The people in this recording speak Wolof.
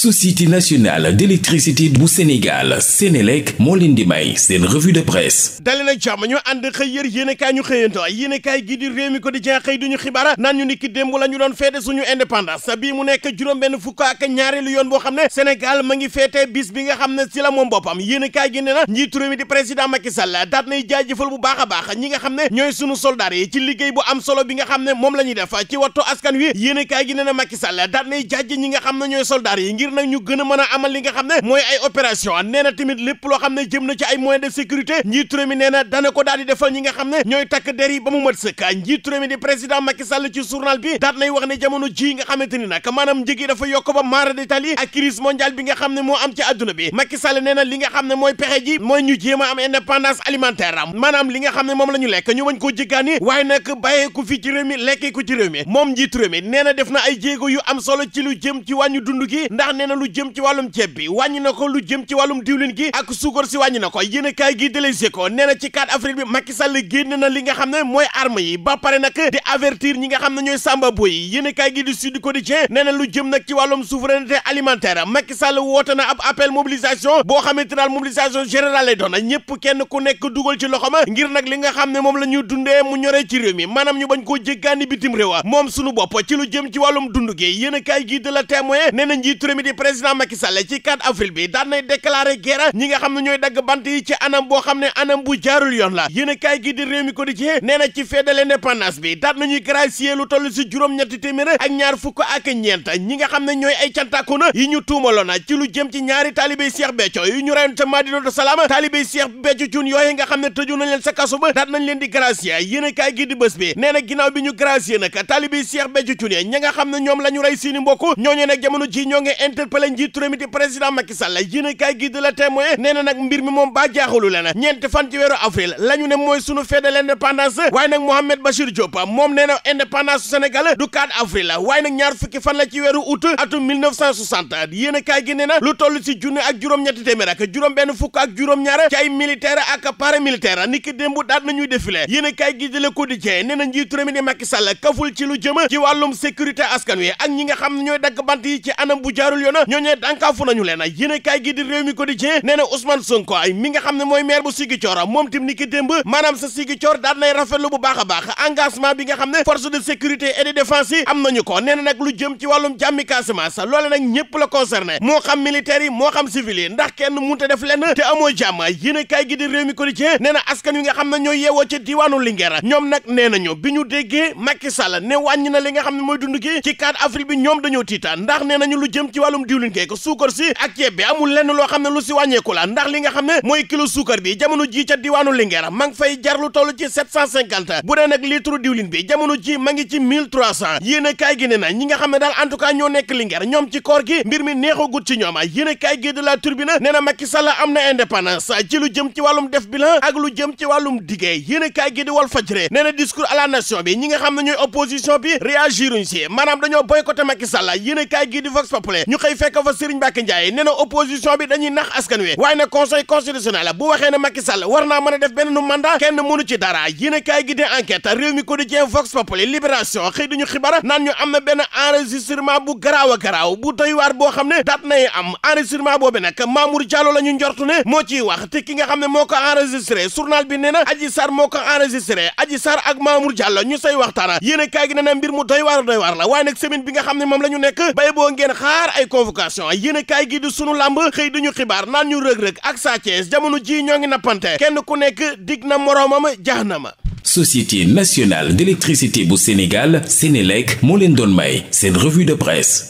société nationale d'électricité bu Sénégal Sénélec moo leen di may seen revue de presse dali nag jàmm ñu ànd xëy yër yéenekaay ñu xëyanto yéenekaay gi di réew mi ko di jeex xëy duñu xibaar naan ñu niki démb la ñu doon feete suñu indépendance bii mu nekk juróom-benn fukk ak ñaareelu yoon boo xam ne Sénégal ma ngi feete bis bi nga xam ne si la moom boppam yéenekaay gi ne na njiitu réew mi di président Macky Sall daat nay jaajëfal bu baax a baax ñi nga xam ne ñooy suñu soldaar ci liggéey bu am solo bi nga xam ne moom la ñuy def ci wattu askan wi yéenekaay gi ne na Macky Sall daat nay jaaj nga xam ne ñooy soldaar yi ngir nag ñu gën a mën a amal li nga xam ne mooy ay opération nee na tamit lépp loo xam ne jëm na ci ay moyens de sécurité njiitu réew mi nee na dana ko daal di defal ñi nga xam ne ñooy takk der yi ba mu mat sëkk njiitu réew mi di président Macky Sall ci journal bi daat nay wax ne jamono ji nga xamante ni nag maanaam njëg yi dafa yokk ba maara détal yi ak crise mondiale bi nga xam ne moo am ci àdduna bi Macky Sall nee na li nga xam ne mooy pexe ji mooy ñu jéem a am indépendance alimentaire am maanaam li nga xam ne moom la ñu lekk ñu bañ koo jéggaani waaye nag bàyyeeku fii ci réew mi lekkee ko ci réew mi moom njiitu réew mi nee na def na ay jéego yu am solo ci lu jëm ci wàññu dund gi ndax nee na lu jëm ci wàllum ceeb bi wàññi na ko lu jëm ci wàllum diwlin gi ak suukar si wàññi na ko yéen kaay gi de Les Échos nee na ci 4 avril bi Macky Sall génn na li nga xam ne mooy arme yi ba pare nag di avertir ñi nga xam ne ñooy sàmba boy yi gi di Sud Quotidien nee na lu jëm nag ci wàllum souveraineté alimentaire Macky Sall woote na ab appel mobilisation boo xamante daal mobilisation générale lay doon ñëpp kenn ku nekk dugal ci loxo ma ngir nag li nga xam ne moom la ñu dundee mu ñoree ci réew mi maanaam ñu bañ koo jéggaani bitim réew moom sunu bopp ci lu jëm ci wàllum dund gi yéen kaay gi de La Témoin nee na njiitu réew di président Macky Sall ci 4 avril bi daan nay déclaré guerre ñi nga xam ne ñooy dagg bant yi ci anam boo xam ne anam bu jaarul yoon la yéen a kaay gi di réew mi ko di ci nee na ci fête de l'indépendance bi daan nañuy gracier lu toll si juróom-ñetti téeméer ak ñaar fukk ak ñeent ñi nga xam ne ñooy ay cantaakuna yi ñu tuumaloona ci lu jëm ci ñaari taalibey Cheikh Béthio yu ñu rayoon ca Madinatu yooyu nga xam ne tëju nañ leen sa kaso ba daan nañ leen di gracier yéen a kaay nga xam ne ñoom la ñu rey seeni mbokk ñooñu interpellé njiitu réew mi di président Macky Sall yéenekaay gi di la témoin nee na nag mi moom baa jaaxalu la na ñeenti fan ci weeru avril la ñu ne mooy sunu fête de l'indépendance waaye nag Mohamed Bachir Diop moom nee na indépendance Sénégal du 4 avril la waaye nag ñaar fukki fan la ci weeru août atum 1960 yéenekaay gi nee na lu toll ci junni ak juróom-ñetti téeméer benn fukk ak juróom-ñaar ci ay militaire ak paramilitaire niki démb daat nañuy défilé yéenekaay gi di la Quotidien nee na njiitu réew mi di Macky Sall kaful ci lu jëm ci wàllum sécurité askan wi ak ñi nga xam ne ñooy dagg bant yi ci anam bu jaarul yoon ñooñee dànkaafu nañu leen yéen kaay gi réew mi quotidien nee na Ousmane Sonko ay mi nga xam ne mooy maire bu Ziguinchor moom tim ni ki démb maanaam sa Ziguinchor daan nay rafetlu bu baax a baax engagement bi nga xam ne force de sécurité et de défense yi am nañu ko nee nag lu jëm ci wàllum jàmmi Casamance loole nag ñëpp la concerné moo xam militaire yi moo xam civil yi ndax kenn munte def lenn te amoo jàmm yéen kaay gi di réew mi quotidien nee na askan wi nga xam ne ñooy yeewoo ca diwaanu Linguère ñoom nag nee nañu bi na li nga xam ne mooy dund gi ci 4 avril bi wàllum diwlin kay ko suukar si ak ceeb bi amul lenn loo xam ne lu si wàññeeku ndax li nga xam ne mooy kilo suukar bi jamono ji ca diwaanu Linguère ma fay jar lu toll ci 750 bu dee nag litre diwlin bi jamono ji ma ngi ci 1300 yéen a kaay gi ne ñi nga xam ne daal en ñoo nekk Linguère ñoom ci koor gi mbir mi neexagut ci ñoom yéen a gi de la Tribune nee na Macky am na indépendance ci lu jëm ci wàllum def bilan ak lu jëm ci wàllum xëy fekk fa Serigne Mbacke Ndiaye nee na opposition bi dañuy nax askan wi waaye nag conseil constitutionnel bu waxee ne Macky Sall war naa mën a def benn nu mandat kenn mënu ci dara yéen kaay gi di enquête réew mi quotidien Vox Populi Libération xëy dañu xibaar naan ñu am na benn enregistrement bu garaaw a garaaw bu doy waar boo xam ne daat nay am enregistrement boobu nag Mamour Diallo la ñu njortu ne moo ciy wax te ki nga xam ne moo ko enregistré journal bi nee na Adji Sarr moo ko enregistré Adji Sarr ak Mamour Diallo ñu say waxtaana yéen kaay gi nee na mbir mu doy waar doy waar la waaye nag bi nga xam ne moom la ñu nekk bay boo ngeen xaar ay convocation yéen kaay gi di sunu làmb xëy duñu xibaar naan ñu rëg-rëg ak Sa Thiès jamono ji ñoo ngi nappante kenn ku nekk dig na moroomam jahanama société nationale d'électricité bu Sénégal Sénélec moo leen doon may seen revue de presse